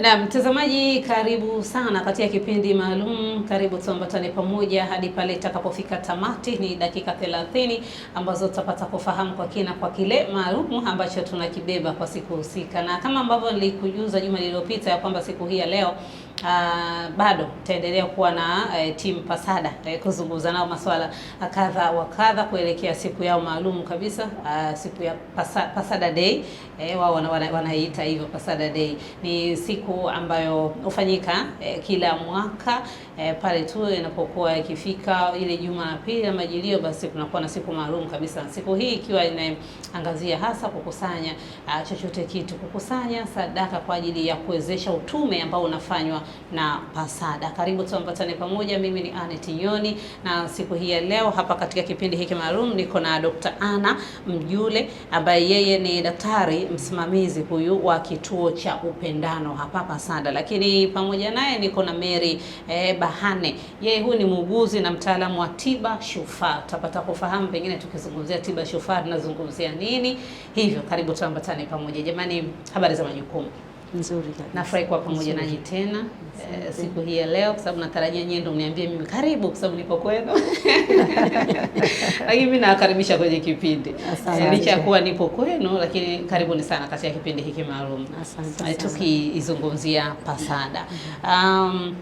Na mtazamaji, karibu sana katika kipindi maalum. Karibu tuambatane pamoja hadi pale itakapofika tamati. Ni dakika 30 ambazo tutapata kufahamu kwa kina kwa kile maalum ambacho tunakibeba kwa siku husika, na kama ambavyo nilikujuza juma lililopita ya kwamba siku hii ya leo uh, bado tutaendelea kuwa na uh, eh, timu Pasada uh, kuzungumza nao masuala ah, kadha wa kadha kuelekea siku yao maalum kabisa uh, siku ya Pasa, Pasada Day uh, wao wanaiita wana, wana hivyo Pasada Day ni siku ambayo hufanyika uh, kila mwaka e, pale tu inapokuwa ikifika ile juma ya pili la majilio, basi kunakuwa na siku maalum kabisa, siku hii ikiwa inaangazia hasa kukusanya uh, chochote kitu, kukusanya sadaka kwa ajili ya kuwezesha utume ambao unafanywa na Pasada. Karibu tuambatane pamoja, mimi ni Aneth Nyoni, na siku hii ya leo hapa katika kipindi hiki maalum niko na Dr. Anna Mjule ambaye yeye ni daktari msimamizi huyu wa kituo cha upendano hapa Pasada, lakini pamoja naye niko na Mary eh, Bahane. Yeye huyu ni muuguzi na mtaalamu wa tiba shufaa. Tutapata kufahamu pengine tukizungumzia tiba shufaa tunazungumzia nini, hivyo karibu tuambatane pamoja. Jamani, habari za majukumu? Nzuri kabisa. Nafurahi kuwa pamoja nanyi tena e, siku hii ya leo, kwa sababu natarajia nyinyi ndio mniambie mimi karibu, kwa sababu niko kwenu lakini mimi nawakaribisha kwenye kipindi e, licha ya kuwa nipo kwenu, lakini karibuni sana katika kipindi hiki maalum eh, tukizungumzia PASADA mm-hmm. um,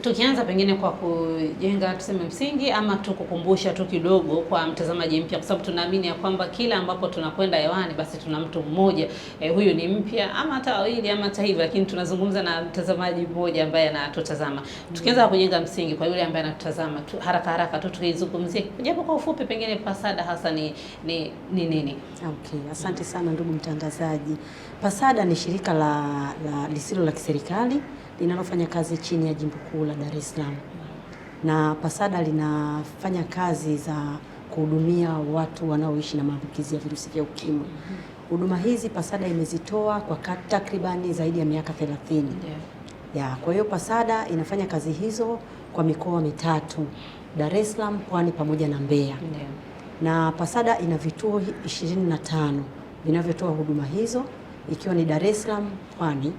Tukianza pengine kwa kujenga tuseme msingi ama tu kukumbusha tu kidogo kwa mtazamaji mpya, kwa sababu tunaamini ya kwamba kila ambapo tunakwenda hewani basi tuna mtu mmoja e, huyu ni mpya ama hata wawili ama hata hivyo, lakini tunazungumza na mtazamaji mmoja ambaye anatutazama mm. Tukianza kujenga msingi kwa yule ambaye anatutazama tu, haraka haraka tu tuizungumzie japo kwa ufupi, pengine Pasada hasa ni ni ni, nini? Okay, asante sana ndugu mtangazaji. Pasada ni shirika la, la lisilo la kiserikali linalofanya kazi chini ya jimbo kuu la Dar es Salaam, na PASADA linafanya kazi za kuhudumia watu wanaoishi na maambukizi ya virusi vya ukimwi. Huduma hizi PASADA imezitoa kwa takribani zaidi ya miaka 30. Yeah. Ya, kwa hiyo PASADA inafanya kazi hizo kwa mikoa mitatu Dar es Salaam, Pwani pamoja na Mbeya. Yeah. Na PASADA ina vituo 25 vinavyotoa huduma hizo ikiwa ni Dar es Salaam, Pwani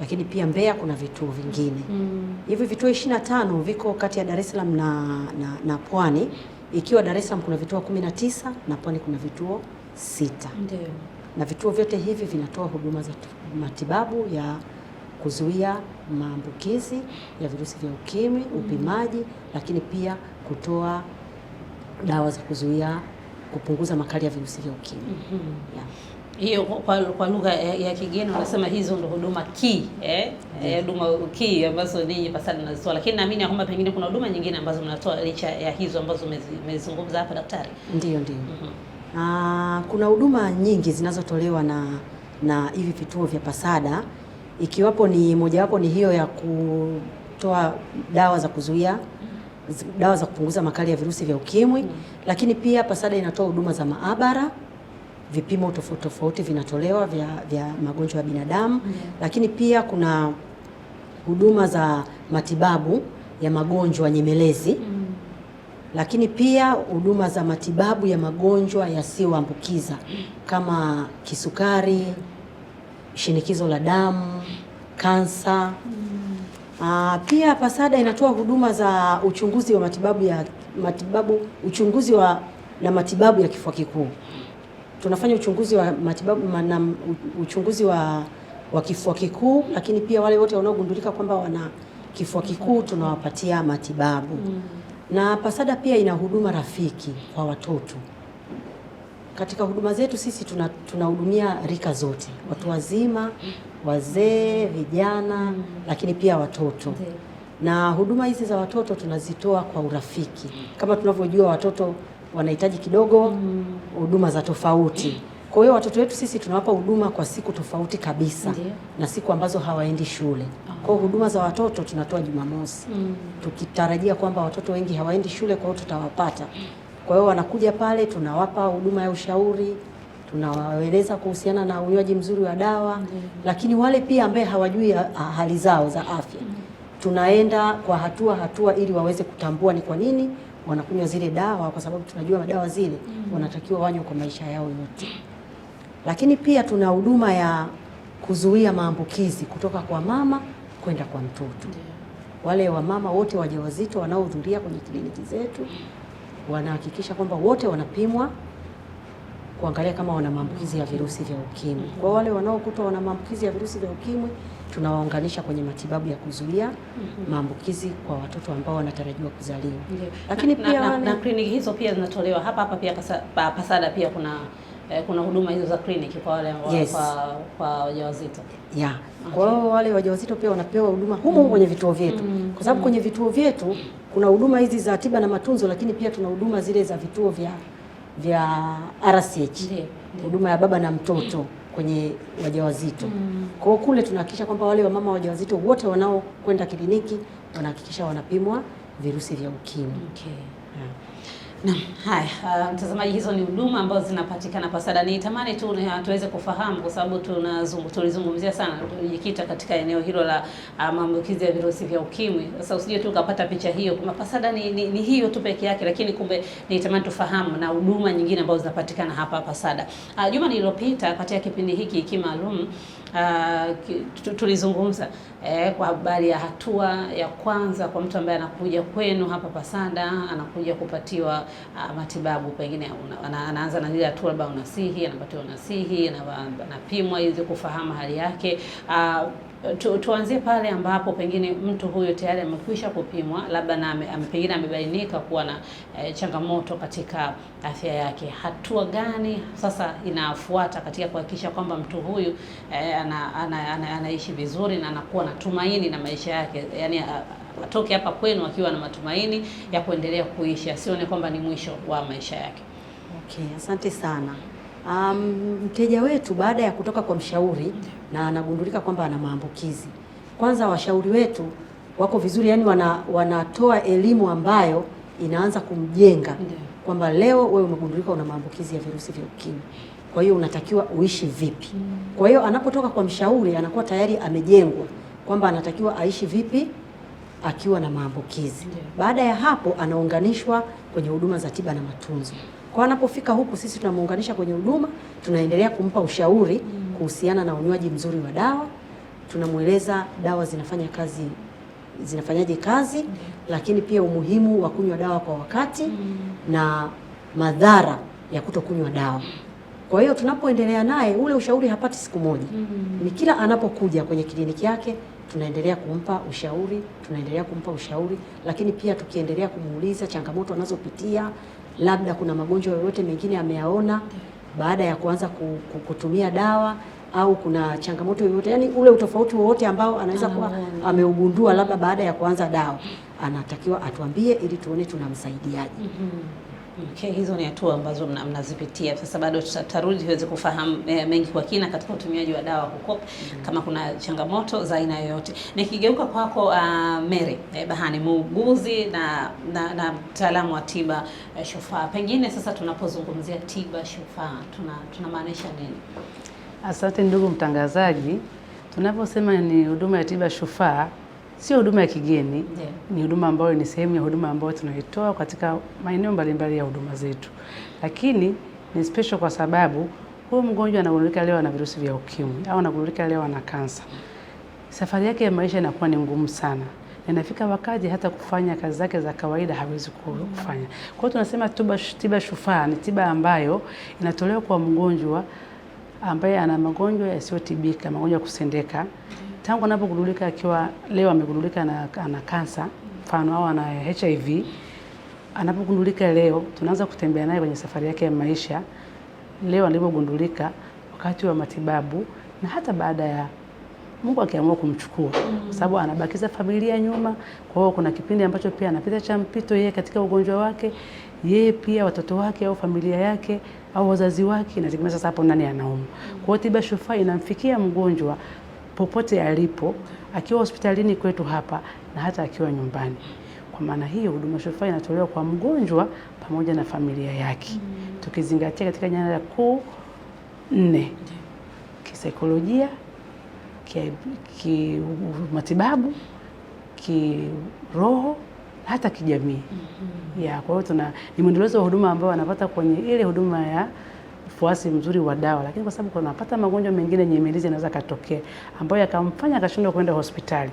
lakini pia Mbeya kuna vituo vingine mm. Hivi vituo 25 viko kati ya Dar es Salaam na, na, na Pwani, ikiwa Dar es Salaam kuna vituo 19 na Pwani kuna vituo sita. Ndiyo. Na vituo vyote hivi vinatoa huduma za matibabu ya kuzuia maambukizi ya virusi vya ukimwi, mm. upimaji mm. lakini pia kutoa dawa za kuzuia kupunguza makali ya virusi vya ukimwi mm -hmm. yeah hiyo kwa, kwa lugha ya, ya kigeni unasema hizo ndo huduma key eh, eh mm. huduma key ambazo ninyi Pasada mnazitoa, lakini naamini kwamba pengine kuna huduma nyingine ambazo mnatoa licha ya hizo ambazo mmezungumza hapa daktari. Ndio, ndio. mm -hmm. Aa, kuna huduma nyingi zinazotolewa na na hivi vituo vya Pasada ikiwapo ni mojawapo ni hiyo ya kutoa dawa za kuzuia mhm. dawa za kupunguza makali ya virusi vya ukimwi mm. lakini pia Pasada inatoa huduma za maabara vipimo tofauti tofauti vinatolewa vya, vya magonjwa ya binadamu -hmm. Lakini pia kuna huduma za matibabu ya magonjwa nyemelezi mm. Lakini pia huduma za matibabu ya magonjwa yasiyoambukiza kama kisukari, shinikizo la damu, kansa mm. Ah, pia Pasada inatoa huduma za uchunguzi wa matibabu ya matibabu uchunguzi wa na matibabu ya kifua kikuu tunafanya uchunguzi wa matibabu na uchunguzi wa, wa kifua kikuu, lakini pia wale wote wanaogundulika kwamba wana kifua kikuu tunawapatia matibabu mm. Na Pasada pia ina huduma rafiki kwa watoto. Katika huduma zetu sisi tunahudumia tuna rika zote, watu wazima, wazee, vijana mm. lakini pia watoto okay. Na huduma hizi za watoto tunazitoa kwa urafiki, kama tunavyojua watoto wanahitaji kidogo mm. huduma mm. za tofauti. Kwa hiyo watoto wetu sisi tunawapa huduma kwa siku tofauti kabisa Ndiyo. na siku ambazo hawaendi shule ah. Kwa hiyo huduma za watoto tunatoa Jumamosi mm. tukitarajia kwamba watoto wengi hawaendi shule, kwa hiyo tutawapata. Mm. Kwa hiyo wanakuja pale, tunawapa huduma ya ushauri, tunawaeleza kuhusiana na unywaji mzuri wa dawa mm. lakini wale pia ambaye hawajui hali zao za afya mm. tunaenda kwa hatua hatua, ili waweze kutambua ni kwa nini wanakunywa zile dawa, kwa sababu tunajua madawa zile mm. wanatakiwa wanywe kwa maisha yao yote. Lakini pia tuna huduma ya kuzuia maambukizi kutoka kwa mama kwenda kwa mtoto yeah. Wale wamama wote wajawazito wanaohudhuria kwenye kliniki zetu wanahakikisha kwamba wote wanapimwa kuangalia kama wana maambukizi ya virusi vya ukimwi. Kwa wale wanaokutwa wana maambukizi ya virusi vya ukimwi tunawaunganisha kwenye matibabu ya kuzuia mm -hmm. maambukizi kwa watoto ambao wanatarajiwa kuzaliwa yeah. Lakini na, pia na, wane... na kliniki hizo pia zinatolewa hapa hapa pia kasa, pa, Pasada pia kuna eh, kuna huduma hizo za kliniki kwa wale yes. kwa, kwa wajawazito yeah. okay. Kwa wale wajawazito pia wanapewa huduma humo mm -hmm. kwenye vituo vyetu mm -hmm. kwa sababu kwenye vituo vyetu kuna huduma hizi za tiba na matunzo, lakini pia tuna huduma zile za vituo vya vya RCH huduma yeah. yeah. ya baba na mtoto kwenye wajawazito. Mm. Kwa kule tunahakikisha kwamba wale wamama wajawazito wote wanaokwenda kliniki wanahakikisha wanapimwa virusi vya ukimwi. Okay. Naam, haya uh, mtazamaji, hizo ni huduma ambazo zinapatikana Pasada. Nitamani tu tuweze kufahamu kwa sababu tulizungumzia sana, tulijikita katika eneo hilo la uh, maambukizi ya virusi vya ukimwi. Sasa usije tu ukapata picha hiyo kwamba Pasada ni, ni, ni hiyo tu peke yake, lakini kumbe nitamani tufahamu na huduma nyingine ambazo zinapatikana hapa Pasada. Uh, juma nililopita katika kipindi hiki kimaalum uh, tulizungumza eh, kwa habari ya hatua ya kwanza kwa mtu ambaye anakuja kwenu hapa Pasada, anakuja kupatiwa uh, matibabu pengine anaanza na ile hatua labda unasihi, anapatiwa unasihi, anapimwa ili kufahamu hali yake uh, Eh, tu, tuanzie pale ambapo pengine mtu huyo tayari amekwisha kupimwa labda na pengine amebainika kuwa na e, changamoto katika afya yake. Hatua gani sasa inafuata katika kuhakikisha kwamba mtu huyu e, ana, ana, ana, anaishi vizuri na anakuwa na tumaini na maisha yake yani a, atoke hapa kwenu akiwa na matumaini ya kuendelea kuishi, asione kwamba ni mwisho wa maisha yake. Okay, asante sana mteja wetu baada ya kutoka kwa mshauri na anagundulika kwamba ana maambukizi, kwanza washauri wetu wako vizuri, yani wana, wanatoa elimu ambayo inaanza kumjenga kwamba leo wewe umegundulika una maambukizi ya virusi vya ukimwi, kwa hiyo unatakiwa uishi vipi? Mm. Kwa hiyo anapotoka kwa mshauri anakuwa tayari amejengwa kwamba anatakiwa aishi vipi akiwa na maambukizi. Baada ya hapo anaunganishwa kwenye huduma za tiba na matunzo. Kwa anapofika huku sisi tunamuunganisha kwenye huduma, tunaendelea kumpa ushauri kuhusiana na unywaji mzuri wa dawa, tunamweleza dawa zinafanya kazi zinafanyaje kazi, lakini pia umuhimu wa kunywa dawa kwa wakati na madhara ya kutokunywa dawa. Kwa hiyo tunapoendelea naye ule ushauri hapati siku moja. Mm -hmm. Ni kila anapokuja kwenye kliniki yake tunaendelea kumpa ushauri, tunaendelea kumpa ushauri, lakini pia tukiendelea kumuuliza changamoto anazopitia, labda kuna magonjwa yoyote mengine ameyaona baada ya kuanza kutumia dawa au kuna changamoto yoyote, yani ule utofauti wowote ambao anaweza kuwa ameugundua labda baada ya kuanza dawa, anatakiwa atuambie ili tuone tunamsaidiaje. Mhm. Okay, hizo ni hatua ambazo mnazipitia mna sasa, bado tutarudi tuweze kufahamu e, mengi kwa kina katika utumiaji wa dawa huko mm -hmm. kama kuna changamoto za aina yoyote. Nikigeuka kwako uh, Mary eh, Bahani, muuguzi na na, na mtaalamu wa tiba eh, shufaa, pengine sasa tunapozungumzia tiba shufaa tunamaanisha nini? Asante ndugu mtangazaji, tunaposema ni huduma ya tiba shufaa sio huduma ya kigeni yeah. Ni huduma ambayo ni sehemu ya huduma ambayo tunaitoa katika maeneo mbalimbali ya huduma zetu, lakini ni special kwa sababu huyu mgonjwa anagundulika leo ana virusi vya ukimwi au anagundulika leo ana kansa, safari yake ya maisha inakuwa ni ngumu sana na inafika wakati hata kufanya kazi zake za kawaida hawezi kufanya. Kwa hiyo tunasema tiba, tiba shufaa ni tiba ambayo inatolewa kwa mgonjwa ambaye ana magonjwa yasiyotibika, magonjwa ya kusendeka tangu anapogundulika akiwa leo amegundulika na ana kansa mfano au ana HIV, anapogundulika leo tunaanza kutembea naye kwenye safari yake ya maisha, leo alipogundulika, wakati wa matibabu na hata baada ya Mungu akiamua kumchukua kwa sababu anabakiza familia nyuma. Kwa hiyo kuna kipindi ambacho pia anapita cha mpito yeye katika ugonjwa wake, yeye pia watoto wake au familia yake au wazazi wake, inategemea sasa hapo nani anaumwa. Kwa hiyo tiba shufaa inamfikia mgonjwa popote alipo, akiwa hospitalini kwetu hapa na hata akiwa nyumbani. Kwa maana hiyo huduma shufaa inatolewa kwa mgonjwa pamoja na familia yake mm. tukizingatia katika nyanja kuu nne: kisaikolojia, kimatibabu, ki kiroho hata kijamii. mm -hmm. Ya, kwa hiyo tuna ni mwendelezo wa huduma ambayo wanapata kwenye ile huduma ya ufuasi mzuri wa dawa, lakini kwa sababu kunapata magonjwa mengine nyemelezi yanaweza katokea, ambayo yakamfanya akashindwa kwenda hospitali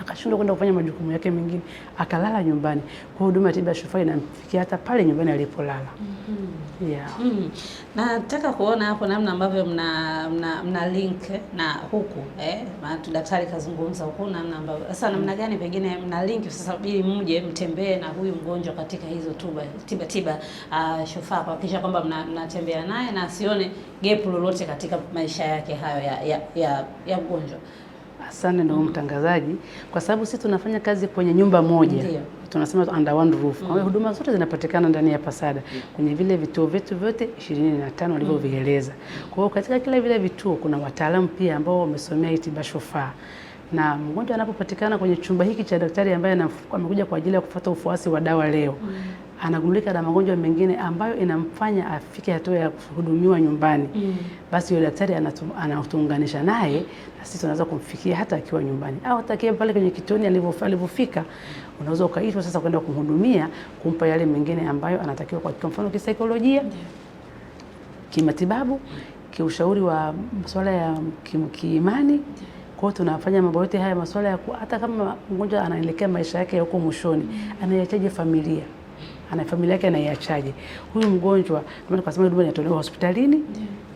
akashindwa kwenda kufanya majukumu yake mengine, akalala nyumbani. Kwa huduma ya tiba ya shufaa inamfikia hata pale nyumbani alipolala. mm -hmm. Yeah. Mm. Nataka kuona hapo namna ambavyo mna, mna, mna link na huku eh? Maana daktari kazungumza huku namna ambavyo sasa namna mm. gani pengine mna link sasa ili mje mtembee na huyu mgonjwa katika hizo tuba tiba tiba uh, shufaa kuhakikisha kwamba mnatembea mna naye na asione gap lolote katika maisha yake hayo ya ya, ya, ya mgonjwa. Asante ndugu mm. mtangazaji, kwa sababu sisi tunafanya kazi kwenye nyumba moja. Ndiyo tunasema under one roof. Mm. Kwa hiyo huduma zote zinapatikana ndani ya Pasada mm. kwenye vile vituo vyetu vyote 25 walivyovieleza. Mm. Kwa hiyo katika kila vile vituo kuna wataalamu pia ambao wamesomea itibashofaa na mgonjwa anapopatikana kwenye chumba hiki cha daktari ambaye amekuja kwa ajili ya kufuata ufuasi wa dawa leo, mm anagundulika na magonjwa mengine ambayo inamfanya afike hatua ya kuhudumiwa nyumbani mm. Basi yule daktari anatuunganisha naye na sisi tunaweza kumfikia hata akiwa nyumbani au hata akiwa pale kwenye kituoni alivyofika, unaweza ukaitwa sasa kwenda kumhudumia, kumpa yale mengine ambayo anatakiwa, kwa mfano kisaikolojia, kimatibabu, kiushauri wa masuala ya kiimani kwao tunafanya mambo yote haya masuala ya hata kama mgonjwa anaelekea maisha yake ya huko mwishoni, mm. anayehitaji familia? ana familia yake anaiachaje? Huyu mgonjwa ndio huduma inatolewa hospitalini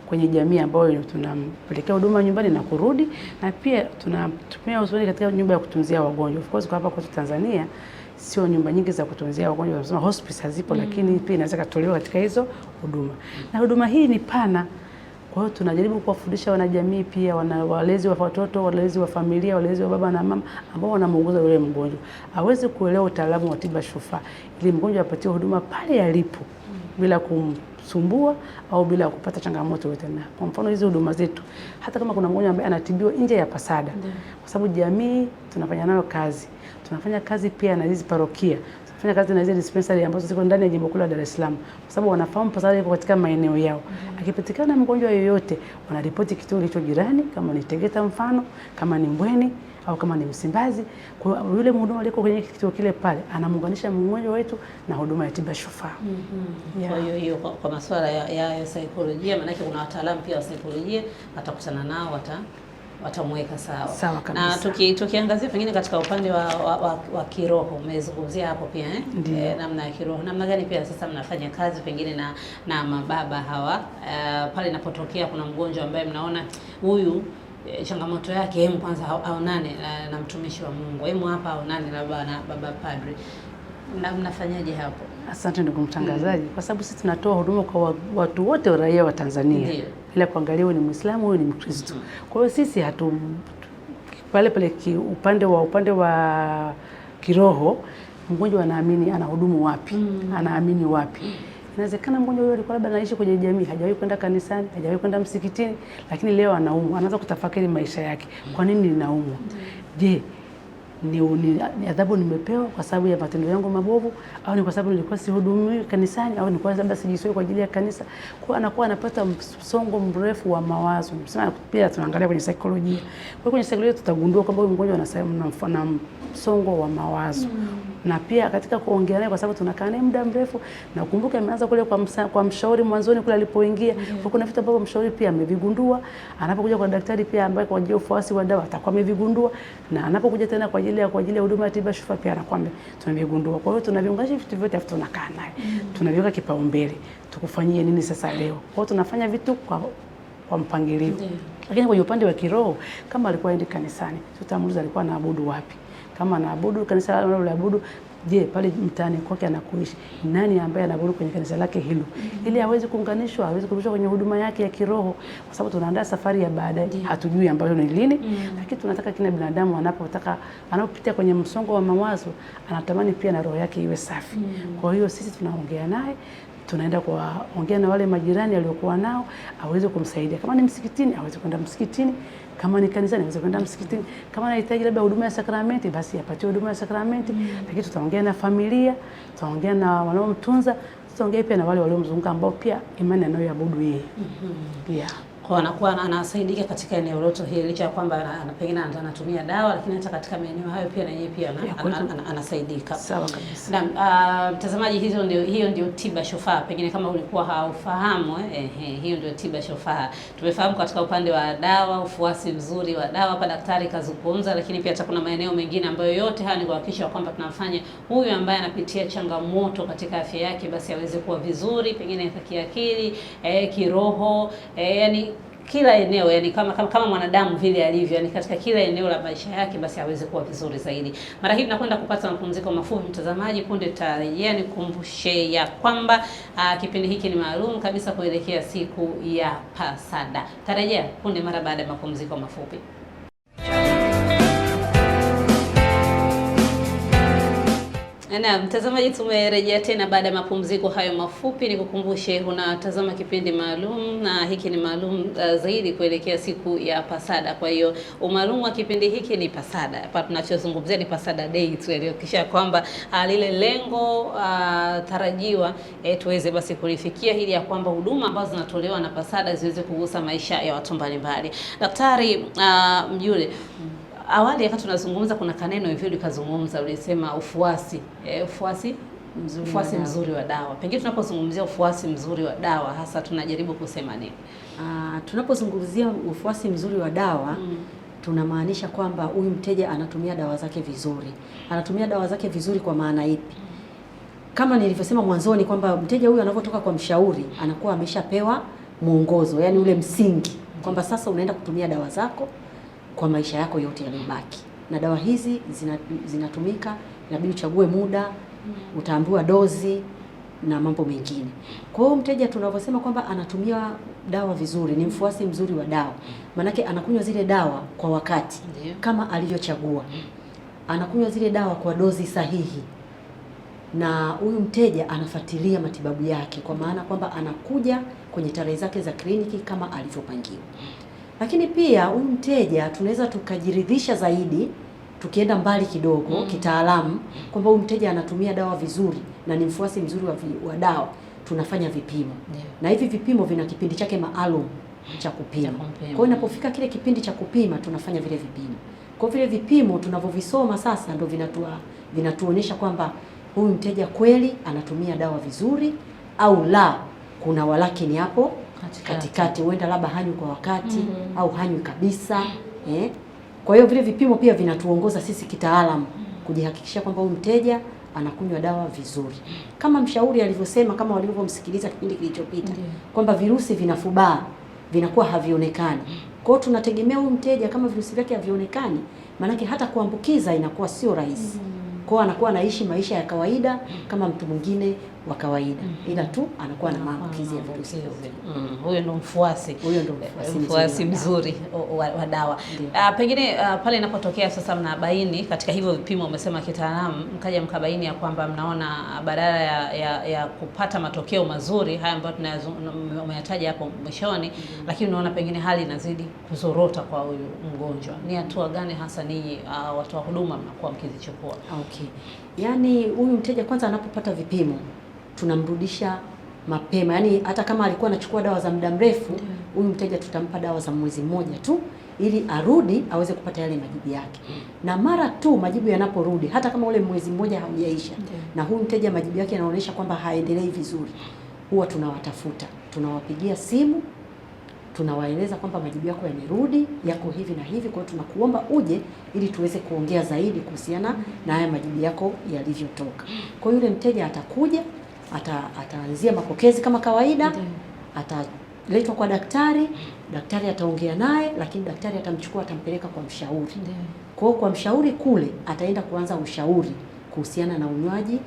kwenye jamii ambayo tunampelekea huduma nyumbani na kurudi, na pia tunatumia hospitali katika nyumba ya kutunzia wagonjwa. Of course kwa hapa kwetu Tanzania sio nyumba nyingi za kutunzia wagonjwa, tunasema hospice hazipo mm. lakini pia inaweza katolewa katika hizo huduma, na huduma hii ni pana. Kwa hiyo tunajaribu kuwafundisha wanajamii pia, wana walezi wa watoto, walezi wa familia, walezi wa baba na mama ambao wanamuongoza yule mgonjwa, aweze kuelewa utaalamu wa tiba shufaa, ili mgonjwa apatiwe huduma pale alipo bila kumsumbua au bila kupata changamoto yoyote. Na kwa mfano hizi huduma zetu, hata kama kuna mgonjwa ambaye anatibiwa nje ya Pasada, kwa sababu jamii tunafanya nayo kazi, tunafanya kazi pia na hizi parokia kufanya kazi na hizo dispensary ambazo ziko ndani ya jimbo kuu la Dar es Salaam, kwa sababu wanafahamu pasara ipo katika maeneo yao. mm -hmm. Akipatikana mgonjwa yoyote, wanaripoti kituo kilicho jirani, kama ni Tegeta mfano, kama ni Mbweni au kama ni Msimbazi. Kwa yule mhudumu aliyeko kwenye kituo kile pale anamuunganisha mgonjwa wetu na huduma ya tiba shufaa. mm -hmm. yeah. Kwa hiyo hiyo kwa, kwa masuala ya, ya, ya saikolojia, maanake kuna wataalamu pia wa saikolojia, atakutana nao wata watamweka sawa. Sawa kabisa. Na tuki, tukiangazia pengine katika upande wa, wa, wa, wa kiroho umezungumzia hapo pia eh? E, namna ya kiroho namna gani pia sasa mnafanya kazi pengine na na mababa hawa e, pale inapotokea kuna mgonjwa ambaye mnaona huyu eh, changamoto yake hemu kwanza aonane na, na mtumishi wa Mungu hemu hapa aonane labda na baba padri na mnafanyaje hapo? Asante ndugu mtangazaji, mm. kwa sababu sisi tunatoa huduma kwa watu wote raia wa Tanzania Ndiyo bila kuangalia huyu ni Muislamu, huyu ni Mkristo. Kwa hiyo sisi hatu pale pale ki, upande wa upande wa kiroho mgonjwa anaamini anahudumu wapi? mm. anaamini wapi? Inawezekana mgonjwa huyo alikuwa labda anaishi kwenye jamii, hajawahi kwenda kanisani, hajawahi kwenda msikitini, lakini leo anaumwa, anaanza kutafakari maisha yake, kwa nini ninaumwa? mm. Je, ni, ni, ni adhabu nimepewa kwa sababu ya matendo yangu mabovu, au ni kwa sababu nilikuwa sihudumiwi kanisani, au nilikuwa labda sijisoe kwa ajili ya kanisa. Kwa anakuwa anapata msongo mrefu wa mawazo. Msema pia tunaangalia kwenye saikolojia. Kwa kwenye saikolojia tutagundua kwamba huyu mgonjwa ana msongo wa mawazo mm. na pia katika kuongea naye, kwa sababu tunakaa naye muda mrefu, na kumbuka ameanza kule kwa, msa, kwa mshauri mwanzoni kule alipoingia mm. kwa kuna vitu ambavyo mshauri pia amevigundua, anapokuja kwa daktari pia ambaye kwa ajili ya ufuasi wa dawa atakuwa amevigundua, na anapokuja tena kwa ya kwa ajili ya huduma ya tiba shufa pia anakwambia tumegundua. Kwa hiyo tunaviunganisha vitu vyote afu tunakaa naye. Tunaviweka kipaumbele. Tukufanyie nini sasa leo? Kwa hiyo tunafanya vitu kwa kwa mpangilio. Lakini kwenye upande wa kiroho kama alikuwa aende kanisani, tutamuuliza alikuwa anaabudu wapi? Kama anaabudu kanisa anaabudu Je, pale mtaani kwake anakuishi nani ambaye anaburu kwenye kanisa lake hilo, mm-hmm. ili aweze kuunganishwa, aweze kurudishwa kwenye huduma yake ya kiroho, kwa sababu tunaandaa safari ya baadaye, mm-hmm. hatujui ambayo ni lini mm. Lakini tunataka kila binadamu anapotaka, anapopitia kwenye msongo wa mawazo, anatamani pia na roho yake iwe safi mm. Kwa hiyo sisi tunaongea naye tunaenda kuwaongea na wale majirani aliokuwa nao, aweze kumsaidia. Kama ni msikitini, aweze kwenda msikitini. Kama ni kanisani naweza kwenda msikitini, kama anahitaji labda huduma ya sakramenti, basi apatie huduma ya sakramenti mm. Lakini tutaongea na familia, tutaongea na wanaomtunza, tutaongea pia na wale waliomzunguka ambao pia imani anayoabudu yeye mm -hmm. yeah kwa anakuwa anasaidika katika eneo lote hili, licha ya kwamba pengine anatumia dawa, lakini hata katika maeneo hayo pia na yeye pia anasaidika. Sawa kabisa. Naam, ah, mtazamaji, hizo ndio hiyo ndio tiba shofaa, pengine kama ulikuwa haufahamu eh, eh, eh, hiyo ndio tiba shofaa. Tumefahamu katika upande wa dawa, ufuasi mzuri wa dawa hapa daktari kazungumza, lakini pia hata kuna maeneo mengine ambayo yote haya ni kuhakikisha kwamba tunamfanya huyu ambaye anapitia changamoto katika afya yake basi aweze kuwa vizuri, pengine hata kiakili, eh, kiroho, eh, yani kila eneo yani kama, kama, kama mwanadamu vile alivyo yani katika kila eneo la maisha yake basi aweze kuwa vizuri zaidi. Mara hii tunakwenda kupata mapumziko mafupi mtazamaji, punde tarejea. kumbushe ya kwamba aa, ah, kipindi hiki ni maalum kabisa kuelekea siku ya Pasada. Tarejea punde mara baada ya mapumziko mafupi. Na mtazamaji, tumerejea tena baada ya mapumziko hayo mafupi. Nikukumbushe unatazama kipindi maalum, na hiki ni maalum uh, zaidi kuelekea siku ya Pasada. Kwa hiyo umaalum wa kipindi hiki ni Pasada. Hapa tunachozungumzia ni Pasada Day, tuelekisha kwamba uh, lile lengo uh, tarajiwa eh, tuweze basi kulifikia hili ya kwamba huduma ambazo zinatolewa na Pasada ziweze kugusa maisha ya watu mbalimbali. Daktari uh, Mjule mm awali hata tunazungumza, kuna kaneno hivi ulikazungumza, ulisema ufuasi e, ufuasi mzuri, ufuasi wa mzuri wa dawa. Pengine tunapozungumzia ufuasi mzuri wa dawa hasa tunajaribu kusema nini? Uh, tunapozungumzia ufuasi mzuri wa dawa mm. tunamaanisha kwamba huyu mteja anatumia dawa zake vizuri. Anatumia dawa zake vizuri kwa maana ipi? Kama nilivyosema mwanzoni kwamba mteja huyu anapotoka kwa mshauri anakuwa ameshapewa mwongozo, yani ule msingi kwamba sasa unaenda kutumia dawa zako kwa maisha yako yote yaliyobaki. Na dawa hizi zinatumika, inabidi uchague muda, mm. utaambiwa dozi na mambo mengine. Kwa hiyo mteja tunavyosema kwamba anatumia dawa vizuri, ni mfuasi mzuri wa dawa, maanake anakunywa zile dawa kwa wakati kama alivyochagua, anakunywa zile dawa kwa dozi sahihi, na huyu mteja anafuatilia matibabu yake, kwa maana kwamba anakuja kwenye tarehe zake za kliniki kama alivyopangiwa. Lakini pia huyu mteja tunaweza tukajiridhisha zaidi tukienda mbali kidogo mm. kitaalamu kwamba huyu mteja anatumia dawa vizuri na ni mfuasi mzuri wa, vi, wa dawa, tunafanya vipimo yeah. na hivi vipimo vina kipindi chake maalum cha kupima. Kwa hiyo inapofika kile kipindi cha kupima tunafanya vile vipimo. Kwa vile vipimo tunavyovisoma sasa ndio vinatua vinatuonyesha kwamba huyu mteja kweli anatumia dawa vizuri au la, kuna walakini hapo katikati, huenda labda hanywi kwa wakati mm -hmm. au hanywi kabisa eh. Kwa hiyo vile vipimo pia vinatuongoza sisi kitaalamu mm-hmm. kujihakikisha kwamba huyu mteja anakunywa dawa vizuri, kama mshauri alivyosema, kama walivyomsikiliza kipindi kilichopita kwamba virusi vinafubaa, vinakuwa havionekani. Kwa hiyo tunategemea huyu mteja kama virusi vyake havionekani, maanake hata kuambukiza inakuwa sio rahisi. Mm-hmm. Kwa anakuwa anaishi maisha ya kawaida kama mtu mwingine wa kawaida mm. ila tu anakuwa na maambukizi ya virusi hivyo. Mm. Huyo ndo mfuasi, huyo ndo mfuasi, mfuasi mzuri wa dawa. Uh, pengine uh, pale inapotokea sasa, mnabaini katika hivyo vipimo, umesema kitaalamu, mkaja mkabaini ya kwamba mnaona badala ya, ya, ya kupata matokeo mazuri haya ambayo umeyataja hapo mwishoni mm. lakini unaona pengine hali inazidi kuzorota kwa huyu mgonjwa, ni hatua gani hasa ninyi uh, ah, wa huduma mnakuwa mkizichukua? Okay yani huyu mteja kwanza anapopata vipimo tunamrudisha mapema, yani hata kama alikuwa anachukua dawa za muda mrefu huyu mteja tutampa dawa za mwezi mmoja tu ili arudi aweze kupata yale majibu yake. Na mara tu majibu yanaporudi, hata kama ule mwezi mmoja haujaisha na huyu mteja majibu yake yanaonyesha kwamba haendelei vizuri, huwa tunawatafuta tunawapigia simu tunawaeleza kwamba majibu yako yamerudi, yako hivi na hivi, kwa hiyo tunakuomba uje ili tuweze kuongea zaidi kuhusiana na haya majibu yako yalivyotoka. Kwa hiyo yule mteja atakuja, ata, ataanzia mapokezi kama kawaida, ataletwa kwa daktari, daktari ataongea naye, lakini daktari atamchukua, atampeleka kwa mshauri. Kwa hiyo kwa mshauri kule ataenda kuanza ushauri kuhusiana na unywaji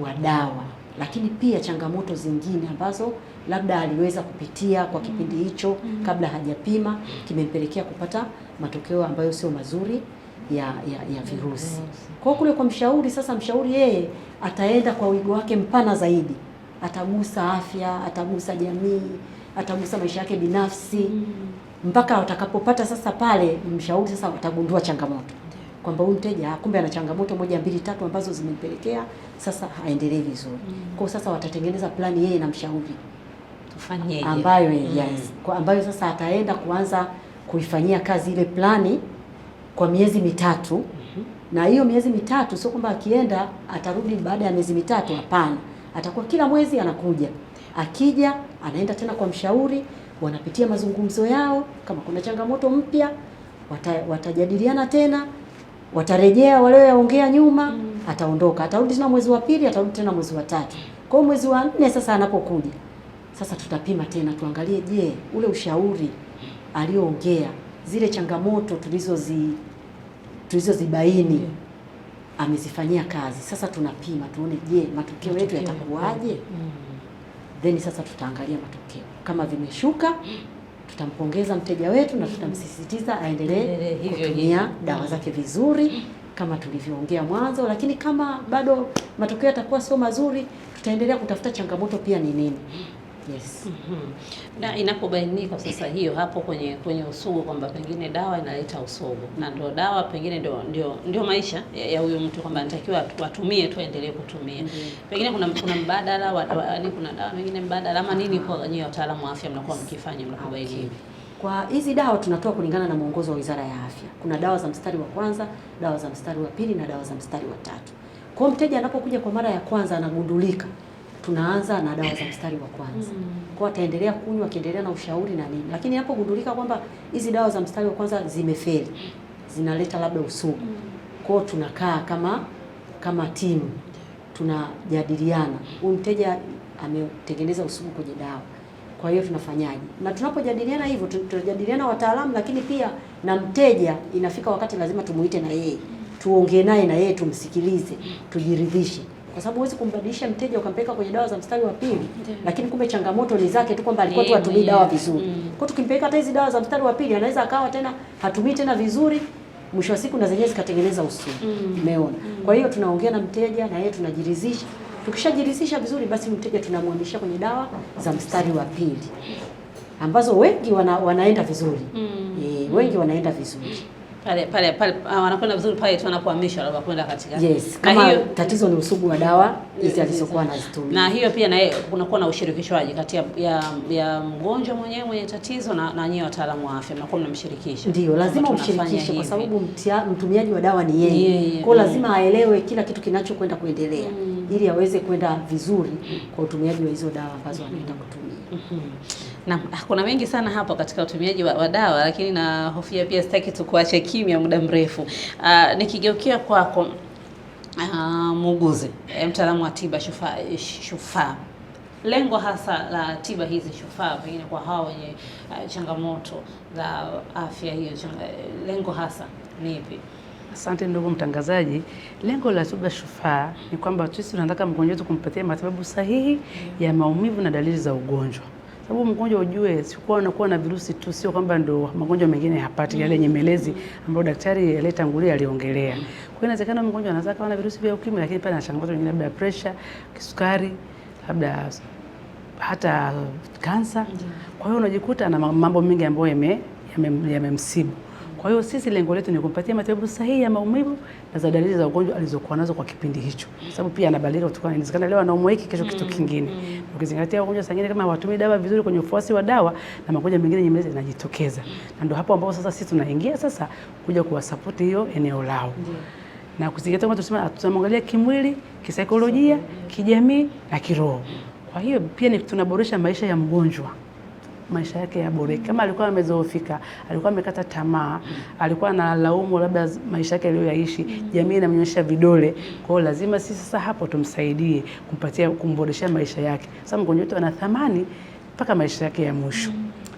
wa dawa lakini pia changamoto zingine ambazo labda aliweza kupitia kwa mm. kipindi hicho mm. kabla hajapima kimempelekea kupata matokeo ambayo sio mazuri ya, ya, ya virusi. Kwa kule kwa mshauri sasa, mshauri yeye ataenda kwa wigo wake mpana zaidi, atagusa afya, atagusa jamii, atagusa maisha yake binafsi mm. mpaka atakapopata sasa, pale mshauri sasa atagundua changamoto kwamba huyu mteja kumbe ana changamoto moja mbili tatu ambazo zimempelekea sasa haendelee vizuri. Mm. Kwa sasa watatengeneza plani yeye na mshauri tufanyeje, ambayo mm. yes, kwa ambayo sasa ataenda kuanza kuifanyia kazi ile plani kwa miezi mitatu. Mm -hmm. Na hiyo miezi mitatu sio kwamba akienda atarudi baada ya miezi mitatu, hapana, atakuwa kila mwezi anakuja. Akija anaenda tena kwa mshauri, wanapitia mazungumzo yao, kama kuna changamoto mpya watajadiliana tena watarejea walioyaongea nyuma mm. Ataondoka, atarudi tena mwezi wa pili, atarudi tena mwezi wa tatu. Kwa hiyo mwezi wa nne sasa anapokuja sasa, tutapima tena tuangalie, je, ule ushauri alioongea, zile changamoto tulizozi tulizozibaini mm. amezifanyia kazi. Sasa tunapima tuone, je, matokeo yetu yatakuwaje? mm. Then sasa tutaangalia matokeo kama vimeshuka mm tutampongeza mteja wetu na tutamsisitiza aendelee kutumia dawa zake vizuri kama tulivyoongea mwanzo, lakini kama bado matokeo yatakuwa sio mazuri, tutaendelea kutafuta changamoto pia ni nini. Yes. Mm -hmm. Na inapobainika sasa hiyo hapo kwenye kwenye usugu kwamba pengine dawa inaleta usugu na ndio dawa pengine ndio ndio ndio maisha ya huyo mtu kwamba anatakiwa watumie tu aendelee kutumia. Mm -hmm. Pengine kuna kuna mbadala yaani kuna dawa nyingine mbadala ama nini kwa nyinyi wataalamu wa afya mnakuwa mkifanya mnapobaini? Okay. Kwa hizi dawa tunatoa kulingana na mwongozo wa Wizara ya Afya. Kuna dawa za mstari wa kwanza, dawa za mstari wa pili na dawa za mstari wa tatu. Kwa mteja anapokuja kwa mara ya kwanza anagundulika tunaanza na dawa za mstari wa kwanza mm. kwa ataendelea kunywa akiendelea na ushauri na nini, lakini inapogundulika kwamba hizi dawa za mstari wa kwanza zimefeli, zinaleta labda usugu mm. kwa tunakaa kama kama timu tunajadiliana, huyu mteja ametengeneza usugu kwenye dawa, kwa hiyo tunafanyaje? Na tunapojadiliana hivyo, tunajadiliana wataalamu, lakini pia na mteja. Inafika wakati lazima tumuite na yeye mm. tuongee naye na yeye tumsikilize, tujiridhishe kwa sababu huwezi kumbadilisha mteja ukampeleka kwenye dawa za mstari wa pili, lakini kumbe changamoto ni zake tu kwamba alikuwa tu atumii dawa vizuri. Mm. Kwa tukimpeleka hata hizi dawa za mstari wa pili, anaweza akawa tena hatumii tena vizuri, mwisho wa siku na zenyewe zikatengeneza usumu. Mm. Umeona? Mm. Mm. Kwa hiyo tunaongea na mteja na yeye tunajiridhisha. Tukishajiridhisha vizuri, basi mteja tunamhamisha kwenye dawa za mstari wa pili ambazo wengi wana, wanaenda vizuri. Mm. E, wengi wanaenda vizuri. Mm pale pale pale ah, wanakwenda vizuri pale tu wanapohamishwa wanapokwenda katika. Yes, kama na hiyo tatizo ni usugu wa dawa hizi alizokuwa anazitumia. Na hiyo pia na kunakuwa na ushirikishwaji kati ya ya mgonjwa mwenyewe mwenye tatizo na na nyewe wataalamu wa afya mnakuwa mnamshirikisha. Ndio, lazima umshirikishe kwa sababu mtumiaji wa dawa ni yeye. kwa hiyo lazima mm. aelewe kila kitu kinachokwenda kuendelea mm, ili aweze kwenda vizuri kwa utumiaji wa hizo dawa ambazo anaenda kutumia. Mm -hmm na kuna mengi sana hapo katika utumiaji wa, wa dawa, lakini na hofia pia sitaki tukuache kimya muda mrefu. Uh, nikigeukia kwako uh, muuguzi, eh, mtaalamu wa tiba shufaa shufa. lengo hasa la tiba hizi shufaa pengine kwa hawa wenye uh, changamoto za afya hiyo changa, lengo hasa ni ipi? Asante ndugu mtangazaji, lengo la tiba shufaa ni kwamba sisi tunataka mgonjwa wetu kumpatia matibabu sahihi ya maumivu na dalili za ugonjwa sababu mgonjwa ujue, sikuwa anakuwa na virusi tu, sio kwamba ndo magonjwa mengine hapati yale nyemelezi ambayo daktari aliyetangulia aliongelea. Kwa hiyo inawezekana mgonjwa anaweza kuwa na virusi vya ukimwi, lakini pia na changamoto nyingine, labda pressure, kisukari, labda hata kansa. Kwa hiyo unajikuta na mambo mengi ambayo yamemsibu yame kwa hiyo sisi lengo letu ni kumpatia matibabu sahihi ya maumivu na za dalili za ugonjwa alizokuwa nazo kwa kipindi hicho, sababu pia anabadilika kutokana, inawezekana leo anaumwa hiki, kesho kitu mm, kingine. Mm. Ukizingatia ugonjwa sangine, kama hawatumii dawa vizuri kwenye ufuasi wa dawa na magonjwa mengine nyemelezi yanajitokeza, mm. na ndio hapo ambapo sasa sisi tunaingia sasa kuja kuwasapoti hiyo eneo lao na kuzingatia kwamba tunasema tunamwangalia kimwili, kisaikolojia, kijamii na kiroho. Kwa hiyo pia ni tunaboresha maisha ya mgonjwa maisha yake bure. Kama alikuwa amezoofika, alikuwa amekata tamaa, alikuwa analaumu labda maisha yake aliyoyaishi, jamii inamnyosha vidole. Kwa hiyo lazima sisi sasa hapo tumsaidie kumpatia, kumboreshea maisha yake, sababu mgonjwa wetu ana thamani mpaka maisha yake ya mwisho.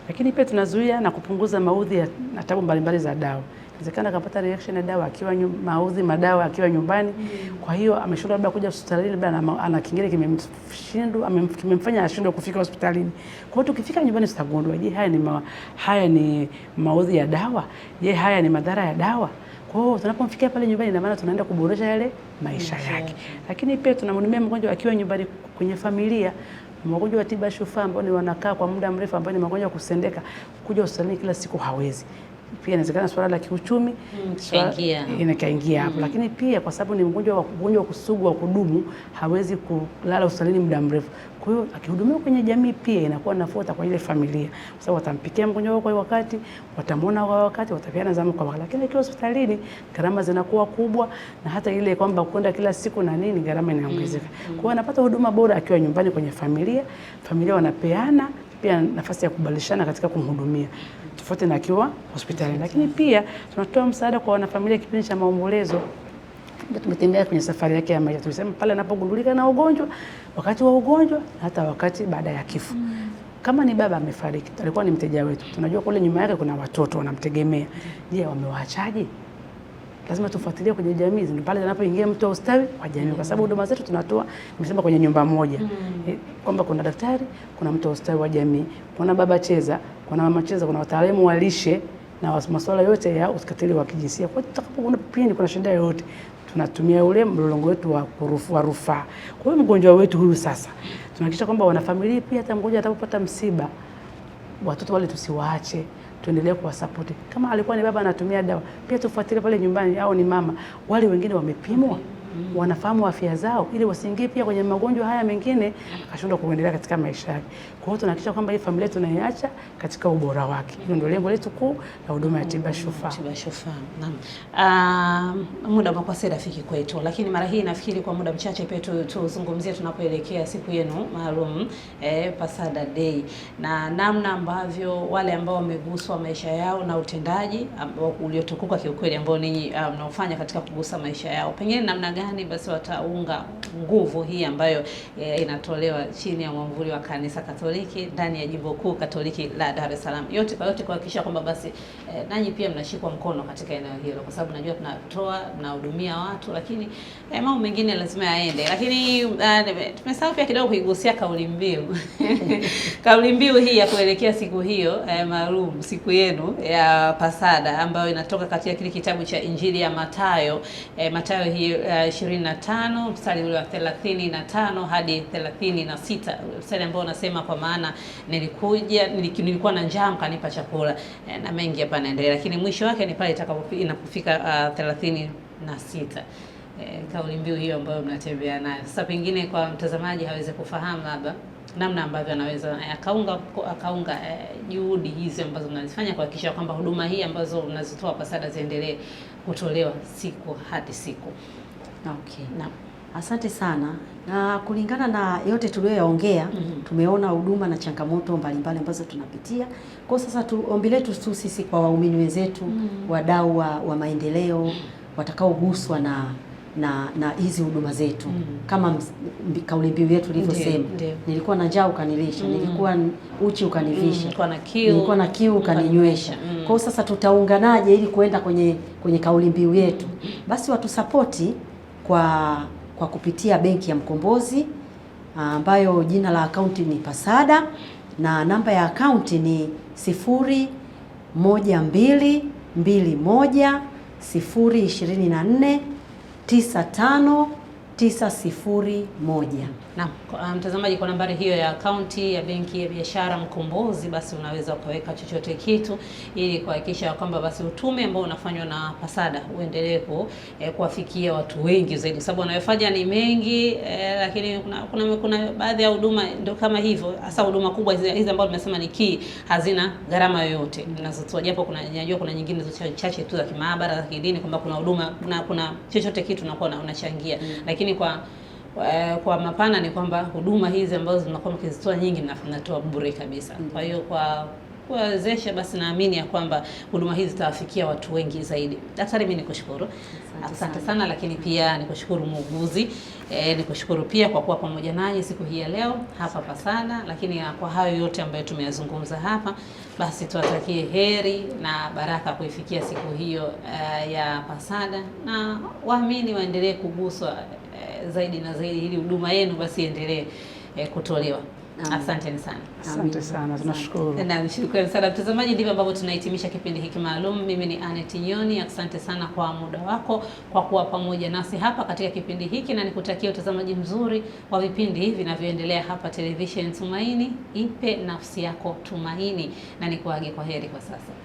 Lakini pia tunazuia na kupunguza maudhi na tabu mbalimbali za dawa inawezekana akapata reaction ya dawa akiwa mauzi madawa akiwa nyumbani mm Kwa hiyo ameshindwa labda kuja hospitalini, labda ana ana kingine kimemshindu kimemfanya ashindwe kufika hospitalini. Kwa hiyo tukifika nyumbani tutagundua, je, haya ni ma, haya ni mauzi ya dawa? Je, haya ni madhara ya dawa? Kwa hiyo tunapomfikia pale nyumbani, ina maana tunaenda kuboresha yale maisha yake yeah. Lakini pia tunamhudumia mgonjwa akiwa nyumbani kwenye familia magonjwa wa tiba shufaa ambao ni wanakaa kwa muda mrefu ambao ni magonjwa kusendeka, kuja hospitalini kila siku hawezi pia inawezekana swala la kiuchumi hmm, inakaingia hapo, hmm. lakini pia kwa sababu ni mgonjwa wa kusugu wa kudumu, hawezi kulala hospitalini muda mrefu. Kwa hiyo akihudumiwa kwenye jamii pia inakuwa nafuta kwa ile familia, kwa sababu watampikia mgonjwa wao kwa wakati, watamwona kwa wakati, watapiana zamu kwa wakati. Lakini akiwa hospitalini gharama zinakuwa kubwa, na hata ile kwamba kwenda kila siku na nini, gharama inaongezeka. Hmm. Kwa hiyo anapata huduma bora akiwa nyumbani kwenye familia, familia wanapeana pia nafasi ya kubadilishana katika kumhudumia tofauti na akiwa hospitali. Lakini pia tunatoa msaada kwa wanafamilia kipindi cha maombolezo tumetembea kwenye safari yake ya maisha, tumesema pale anapogundulika na ugonjwa, wakati wa ugonjwa na hata wakati baada ya kifo mm. Kama ni baba amefariki, alikuwa ni mteja wetu, tunajua kule nyuma yake kuna watoto wanamtegemea. Je, wamewaachaje? lazima tufuatilie kwenye jamii, ndio pale anapoingia mtu wa ustawi kwa jamii, mm. kwa sababu huduma zetu tunatoa, nimesema kwenye nyumba moja mm. E, kwamba kuna daktari, kuna mtu wa ustawi wa jamii, kuna baba cheza, kuna mama cheza, kuna wataalamu wa lishe na masuala yote ya ukatili wa kijinsia. Kwa hiyo tutakapoona pindi kuna shida yoyote tunatumia ule mlolongo wetu wa kurufua rufaa. Kwa hiyo mgonjwa wetu huyu sasa tunahakikisha kwamba wanafamilia pia, hata mgonjwa atakapopata msiba, watoto wale tusiwaache tuendelee kuwasapoti. Kama alikuwa ni baba anatumia dawa, pia tufuatilie pale nyumbani, au ni mama, wale wengine wamepimwa mm. wanafahamu afya zao ili wasiingie pia kwenye magonjwa haya mengine akashindwa kuendelea katika maisha yake. Kwa hiyo tunahakikisha kwamba hii familia tunaiacha katika ubora wake. Hilo ndio lengo letu kuu la huduma ya tiba shufaa. Tiba shufaa. Naam. Uh, muda umekuwa si rafiki kwetu, lakini mara hii nafikiri kwa muda mchache pia tuzungumzie tu tunapoelekea siku yenu maalum eh, Pasada Day na namna ambavyo wale ambao wameguswa maisha yao na utendaji uliotukuka kiukweli ambao ninyi ah, mnaofanya um, katika kugusa maisha yao pengine namna gani gani basi wataunga nguvu hii ambayo e, inatolewa chini ya mwamvuli wa Kanisa Katoliki ndani ya Jimbo Kuu Katoliki la Dar es Salaam. Yote kwa yote kuhakikisha kwamba basi e, nanyi pia mnashikwa mkono katika eneo hilo, kwa sababu najua tunatoa tunahudumia watu, lakini e, mambo mengine lazima yaende. Lakini uh, tumesahau pia kidogo kuigusia kauli mbiu kauli mbiu hii ya kuelekea siku hiyo e, maalum siku yenu ya Pasada ambayo inatoka katika kile kitabu cha Injili ya Mathayo e, Mathayo hii uh, 25 mstari ule wa 35 hadi 36, mstari ambao unasema kwa maana nilikuja nilikuwa na njaa mkanipa chakula, e, na mengi hapa naendelea, lakini mwisho wake ni pale itakapo inapofika uh, 36 E, kauli mbiu hiyo ambayo mnatembea nayo sasa, pengine kwa mtazamaji hawezi kufahamu labda namna ambavyo anaweza e, akaunga akaunga e, juhudi e, hizi ambazo mnazifanya kuhakikisha kwamba huduma hii ambazo mnazitoa kwa SADA ziendelee kutolewa siku hadi siku. Okay. Na asante sana, na kulingana na yote tuliyoyaongea mm -hmm. tumeona huduma na changamoto mbalimbali ambazo tunapitia kwa sasa tu, ombi letu tu sisi kwa waumini wenzetu mm -hmm. wadau wa, wa maendeleo watakaoguswa na na na hizi huduma zetu mm -hmm. kama kauli mbiu yetu ilivyosema, nilikuwa na njaa ukanilisha, mm -hmm. nilikuwa uchi ukanivisha, mm -hmm. na kiu ukaninywesha. mm -hmm. Kwa sasa tutaunganaje ili kuenda kwenye kwenye kauli mbiu yetu? Basi watusapoti kwa, kwa kupitia benki ya Mkombozi ah, ambayo jina la akaunti ni Pasada na namba ya akaunti ni sifuri moja mbili mbili moja sifuri ishirini na nne tisa tano tisa sifuri moja. Na um, mtazamaji, kwa nambari hiyo ya akaunti ya benki ya biashara Mkombozi, basi unaweza ukaweka chochote kitu ili kuhakikisha kwamba basi utume ambao unafanywa na Pasada uendelee eh, kuwafikia watu wengi zaidi, sababu wanayofanya ni mengi eh, lakini kuna, kuna, kuna baadhi ya huduma ndio kama hivyo, hasa huduma kubwa hizi ambazo nimesema ni key, hazina gharama yoyote ninazotoa, japo kuna najua kuna nyingine chache tu za kimaabara za kidini kwamba kuna huduma kuna, kuna chochote kitu unakuwa unachangia, mm. lakini kwa Eh, kwa mapana ni kwamba huduma hizi ambazo zinakuwa mkizitoa nyingi mnatoa bure kabisa. Mm. Kwa hiyo kwa kuwawezesha basi, naamini ya kwamba huduma hizi zitawafikia watu wengi zaidi. Daktari, mimi nikushukuru, asante sana, lakini pia nikushukuru muuguzi e, nikushukuru pia kwa kuwa pamoja nanyi siku hii ya leo hapa Pasada. Lakini kwa hayo yote ambayo tumeyazungumza hapa, basi tuwatakie heri na baraka kuifikia siku hiyo uh, ya Pasada, na waamini waendelee kuguswa zaidi na zaidi ili huduma yenu basi iendelee eh, kutolewa. Asanteni sana. Asante sana, tunashukuru. Na shukrani sana mtazamaji, ndivyo ambavyo tunahitimisha kipindi hiki maalum. Mimi ni Annette Nyoni, asante sana kwa muda wako kwa kuwa pamoja nasi hapa katika kipindi hiki, na nikutakia utazamaji mzuri wa vipindi hivi vinavyoendelea hapa Television Tumaini. Ipe nafsi yako tumaini, na nikuage kwa heri kwa sasa.